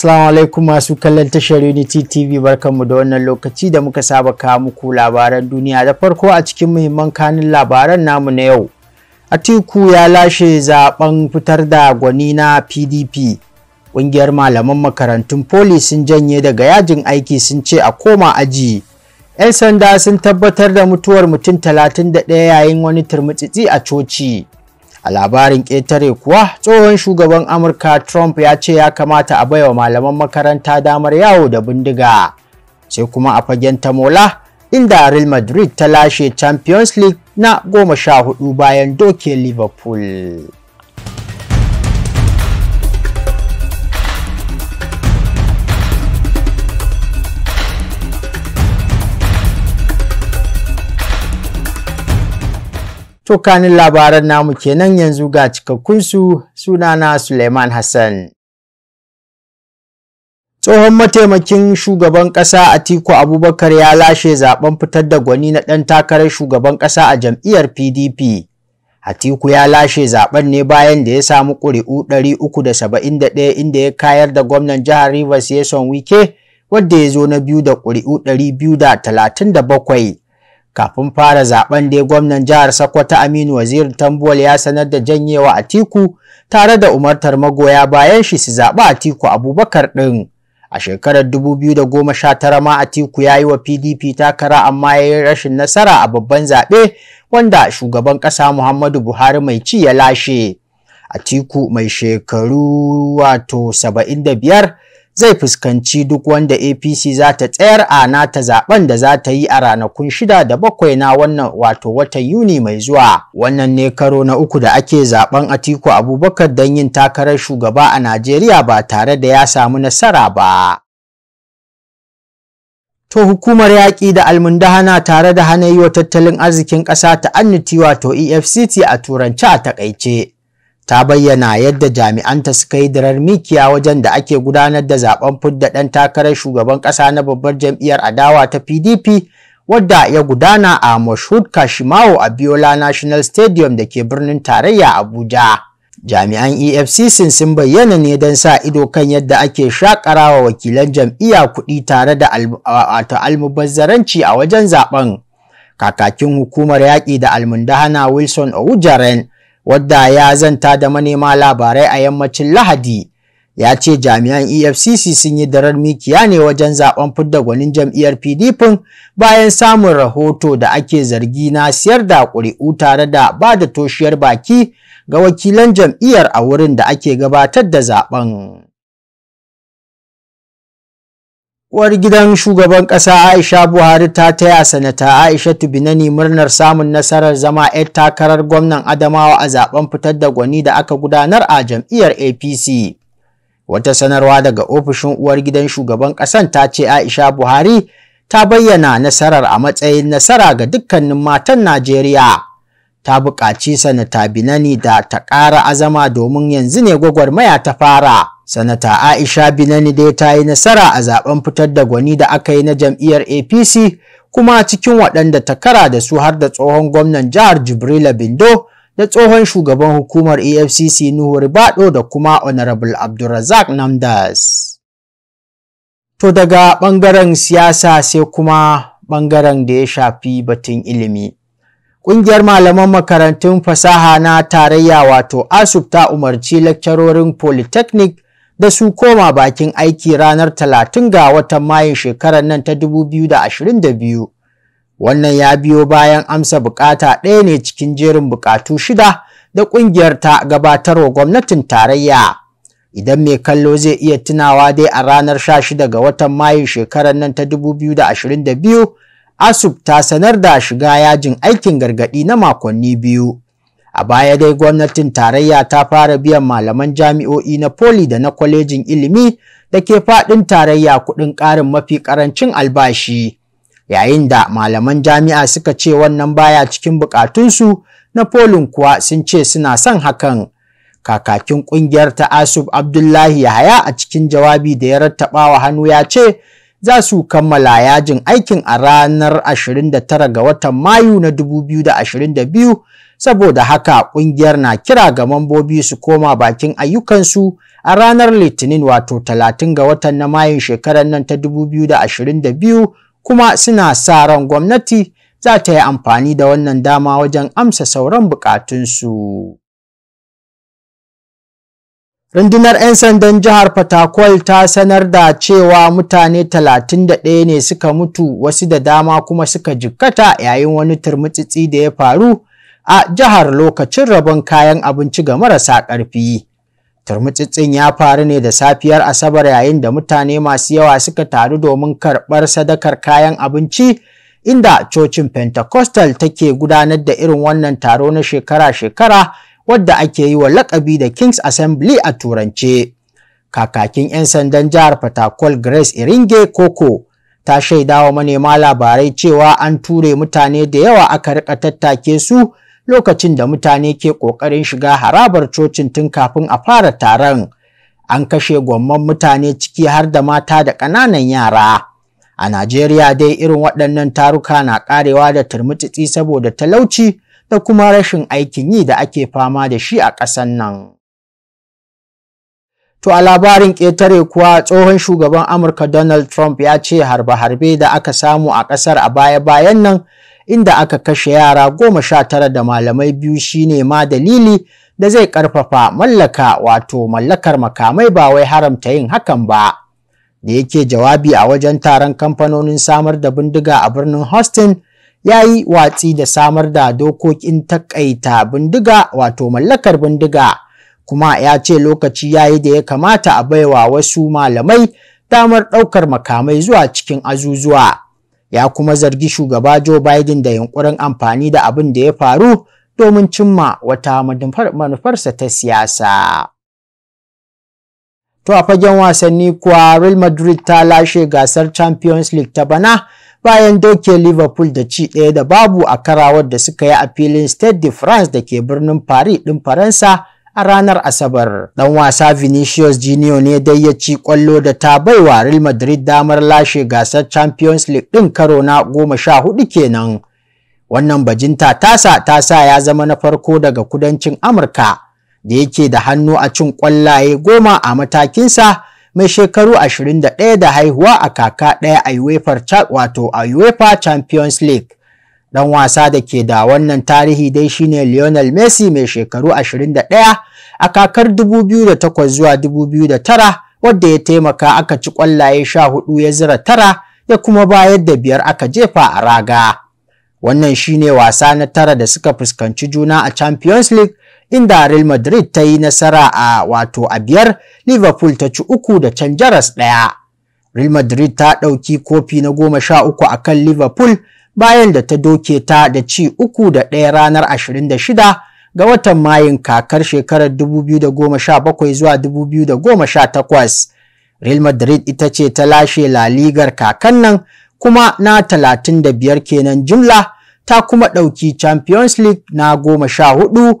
Assalamu alaikum masu kallon tashar Unity TV barkanmu da wannan lokaci da muka saba kawo muku labaran duniya da farko a cikin muhimman kanin labaran namu na yau. Atiku ya lashe zaben fitar da gwani na PDP. Ƙungiyar malaman makarantun poli sun janye daga yajin aiki sun ce a koma aji. 'Yan sanda sun tabbatar da mutuwar mutum 31 yayin wani turmutsitsi a coci. a labarin ƙetare kuwa tsohon shugaban amurka trump ya ce ya kamata a baiwa malaman makaranta damar yawo da bindiga sai kuma a fagen Mola, inda real madrid ta lashe champions league na goma sha hudu bayan doke liverpool To labaran namu kenan yanzu ga cikakkunsu sunana Suleiman Hassan. Tsohon mataimakin shugaban ƙasa Atiku Abubakar ya lashe zaben fitar da gwani na ɗan takarar shugaban ƙasa a jam'iyyar PDP. Atiku ya lashe zaben ne bayan da ya samu ƙuri'u 371 inda ya kayar da gwamnan jihar Rivers Yeson Wike wadda ya zo na biyu da ƙuri'u 237 kafin fara zaben dai gwamnan jihar Sokoto Aminu Wazir Tambuwal ya sanar da janyewa a Tiku tare da umartar magoya bayan shi su zaɓi tiku Abubakar ɗin. A shekarar 2019 ma Atiku ya yi wa PDP takara amma ya yi rashin nasara a babban zaɓe wanda shugaban ƙasa Muhammadu Buhari mai ci ya lashe. A tiku mai shekaru wato 75 zai fuskanci duk wanda APC za ta tsayar a nata zaben da za ta yi a ranakun shida da bakwai na wannan wato watan Yuni mai zuwa. Wannan ne karo na uku da ake zaben Atiku Abubakar don yin takarar shugaba a Najeriya ba tare da ya samu nasara ba. To hukumar yaƙi da almundahana tare da hana yi wa tattalin arzikin ƙasa ta anniti wato EFCT a Turanci a takaice ta bayyana yadda jami'anta suka yi dirar mikiya wajen da ake gudanar da zaben fudda ɗan takarar shugaban ƙasa na babbar jam'iyyar adawa ta pdp wadda ya gudana a mashhud kashimawo a biola national stadium da ke birnin tarayya abuja jami'an efcc sun bayyana ne don sa ido kan yadda ake shakarawa wakilan jam'iyya kuɗi tare da almubazzaranci a wajen zaben kakakin hukumar yaƙi da almundahana wilson Oujaren. wadda ya zanta da manema labarai a yammacin lahadi ya ce jami'an efcc sun yi darar mikiya ne wajen zaben fidda gwanin jam'iyyar pdp bayan samun rahoto da ake zargi na siyar da ƙuri'u tare da ba da toshiyar baki ga wakilan jam'iyyar a wurin da ake gabatar da zaben Uwar gidan shugaban kasa Aisha Buhari ta taya sanata Aisha Binani murnar samun nasarar zama 'yar takarar gwamnan Adamawa a zaben fitar da gwani da aka gudanar a jam'iyyar APC. Wata sanarwa daga ofishin uwar gidan shugaban Kasan ta ce Aisha Buhari ta bayyana nasarar a matsayin nasara ga dukkanin matan Najeriya. ta buƙaci sanata Binani da ta ƙara azama domin yanzu ne gwagwarmaya ta fara. Sanata Aisha Binani dai ta yi nasara a zaben fitar da gwani da aka yi na jam'iyyar APC kuma cikin waɗanda ta kara da su har da tsohon gwamnan jihar Jibrila Bindo da tsohon shugaban hukumar EFCC Nuhu Ribado da kuma Honorable Abdulrazak Namdas. To daga ɓangaren siyasa sai kuma ɓangaren da ya shafi batun ilimi. Ƙungiyar malaman makarantun fasaha na tarayya wato ASUP ta umarci lakcarorin Polytechnic da su koma bakin aiki ranar 30 ga watan Mayun shekarar nan ta 2022. Wannan ya biyo bayan amsa bukata ɗaya ne cikin jerin bukatu shida da ƙungiyar ta gabatarwa gwamnatin tarayya. Idan mai kallo zai iya tunawa dai a ranar 16 ga watan Mayun shekarar nan ta 2022 asub ta sanar da shiga yajin aikin gargaɗi na makonni biyu a baya dai gwamnatin tarayya ta fara biyan malaman jami'o'i na poli da na kwalejin ilimi da ke faɗin tarayya kuɗin ƙarin mafi ƙarancin albashi yayin da malaman jami'a suka ce wannan baya cikin buƙatunsu na polin kuwa sun ce suna son hakan kakakin ƙungiyar ta asub abdullahi yahaya a cikin jawabi da ya rattaba wa hannu ya ce za su kammala yajin aikin a ranar 29 ga watan Mayu na 2022 saboda haka kungiyar na kira ga mambobi su koma bakin ayyukansu a ranar Litinin wato 30 ga watan na Mayu shekarar nan ta 2022 kuma suna sa ran gwamnati za ta yi amfani da wannan dama wajen amsa sauran bukatunsu. Rundunar 'yan sandan jihar Fatakwal ta sanar da cewa mutane 31 ne suka mutu wasu da dama kuma suka jikkata yayin wani turmutsitsi da ya faru a jihar lokacin rabon kayan abinci ga marasa ƙarfi. Turmutsitsin ya faru ne da safiyar Asabar yayin da mutane masu yawa suka taru domin karɓar sadakar kayan abinci inda cocin Pentecostal take gudanar da irin wannan taro na shekara-shekara. wadda ake yi wa lakabi da King's Assembly a Turance. Kakakin 'yan sandan jihar Fatakol Grace Iringe Koko ta shaida wa manema labarai cewa an ture mutane da yawa aka rika tattake su lokacin da mutane ke ƙoƙarin shiga harabar cocin tun kafin a fara taron. An kashe gwamman mutane ciki har da mata da ƙananan yara. A Najeriya dai irin waɗannan taruka na ƙarewa da turmutsitsi saboda talauci da kuma rashin aikin yi da ake fama da shi a ƙasan nan. To a labarin ƙetare kuwa tsohon shugaban Amurka Donald Trump ya ce harbe-harbe da aka samu a ƙasar a baya-bayan nan inda aka kashe yara goma sha tara da malamai biyu shine ma dalili da zai ƙarfafa mallaka wato mallakar makamai ba wai haramta yin hakan ba. Da yake jawabi a wajen taron kamfanonin samar da bindiga a birnin Houston. ya yi watsi da samar da dokokin takaita bindiga wato mallakar bindiga kuma ya ce lokaci ya yi da ya kamata a baiwa wasu malamai damar ɗaukar makamai zuwa cikin azuzuwa ya kuma zargi shugaba Joe Biden da yunkurin amfani da abin da ya faru domin cimma wata manufarsa ta siyasa. To a fagen wasanni kuwa Real Madrid ta lashe gasar Champions League ta bana bayan doke Liverpool da ci ɗaya da babu a karawar da suka yi a filin Stade de France da ke birnin Paris ɗin Faransa a ranar Asabar. Ɗan wasa Vinicius Junior ne dai ya ci kwallo da ta baiwa Real Madrid damar lashe gasar Champions League ɗin karo na goma sha hudu kenan. Wannan bajinta tasa sa ya zama na farko daga kudancin Amurka da yake da hannu a cin kwallaye goma a matakinsa mai shekaru 21 da haihuwa a kaka ɗaya a UEFA wato a UEFA Champions League. Dan wasa da ke da wannan tarihi dai shine Lionel Messi mai shekaru 21 a kakar 2008 zuwa 2009 wadda ya taimaka aka ci kwallaye 14 ya zira tara ya kuma bayar da biyar aka jefa a raga. Wannan shine wasa na tara da suka fuskanci juna a Champions League inda Real Madrid ta yi nasara a wato a biyar, Liverpool ta ci uku da can jaras ɗaya. Real Madrid ta ɗauki kofi na goma sha uku a kan Liverpool bayan da ta doke ta da ci uku da ɗaya ranar 26 ga watan Mayun kakar shekarar 2017 zuwa 2018. Real Madrid ita ce ta lashe La Ligar kakan nan kuma na 35 kenan jumla ta kuma ɗauki Champions League na goma sha hudu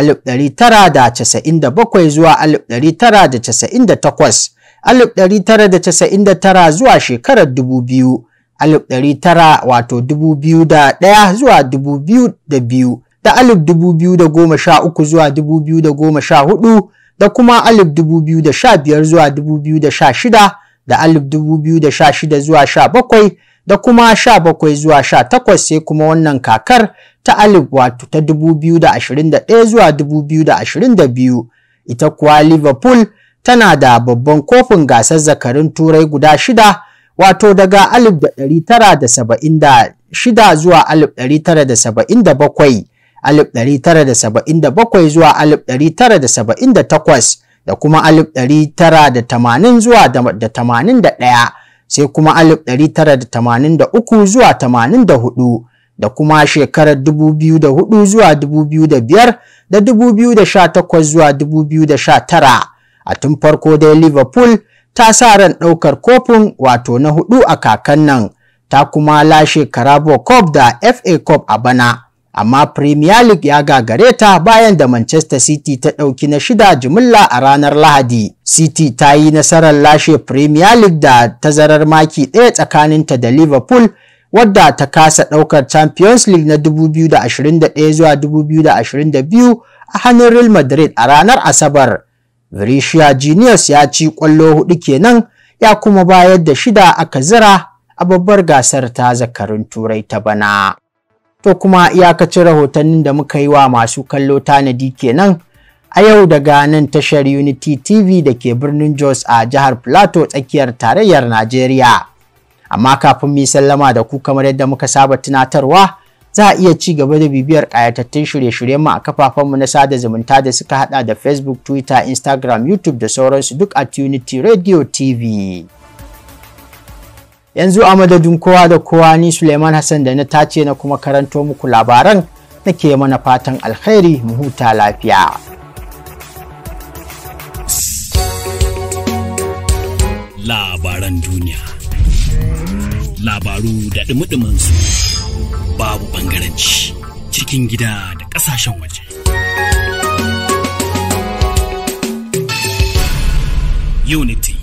1997 zuwa 1998, 1999 zuwa shekarar 2000, ɗaya zuwa biyu da alif dubu biyu da goma sha uku zuwa dubu biyu da goma sha hudu da kuma alif dubu biyu da sha biyar zuwa dubu biyu da sha shida da alif dubu biyu da sha shida zuwa sha bakwai da kuma sha bakwai zuwa sha takwas sai kuma wannan kakar ta alif wato ta dubu biyu da ashirin da ɗaya zuwa dubu biyu da ashirin da biyu ita kuwa liverpool tana da babban kofin gasar zakarin turai guda shida wato daga alif da ɗari tara da saba'in da shida zuwa alif ɗari tara da saba'in da bakwai alif ɗari tara da saba'in da bakwai zuwa alif ɗari tara da saba'in da takwas da kuma alif ɗari tara da tamanin zuwa da tamanin da ɗaya sai kuma alif ɗari 1983 zuwa tamanin da da kuma shekarar 2004 zuwa 2005 da 2018 zuwa tara, a tun farko dai liverpool ta sa ran ɗaukar kofin wato na hudu a kakan nan ta kuma lashe carabao cup da fa cup a bana amma Premier League ya gagare ta bayan da Manchester City ta ɗauki na shida jimilla a ranar Lahadi. City ta yi nasarar lashe Premier League da tazarar maki ɗaya tsakaninta da Liverpool wadda ta kasa ɗaukar Champions League na 2021 zuwa 2022 a hannun Real Madrid a ranar Asabar. Vinicius Juniors ya ci ƙwallo hudu kenan ya kuma bayar da shida aka zira a babbar gasar ta zakarun Turai ta bana. To kuma iyakacin rahotannin da muka yi wa masu kallo tanadi kenan a yau daga nan tashar Unity TV da ke birnin Jos a jihar Plateau tsakiyar tarayyar Najeriya. Amma kafin mu sallama da ku kamar yadda muka saba tunatarwa za a iya ci gaba da bibiyar ƙayatattun shirye-shiryen mu a kafafenmu na sada zumunta da suka hada da Facebook, Twitter, Instagram, YouTube da sauransu duk a Unity Radio TV. yanzu a madadin kowa da kowa ni suleiman hassan da na tace na kuma karanto muku labaran na nake mana fatan alkhairi mu huta lafiya labaran duniya labaru da dumi su babu ɓangaranci cikin gida da ƙasashen waje unity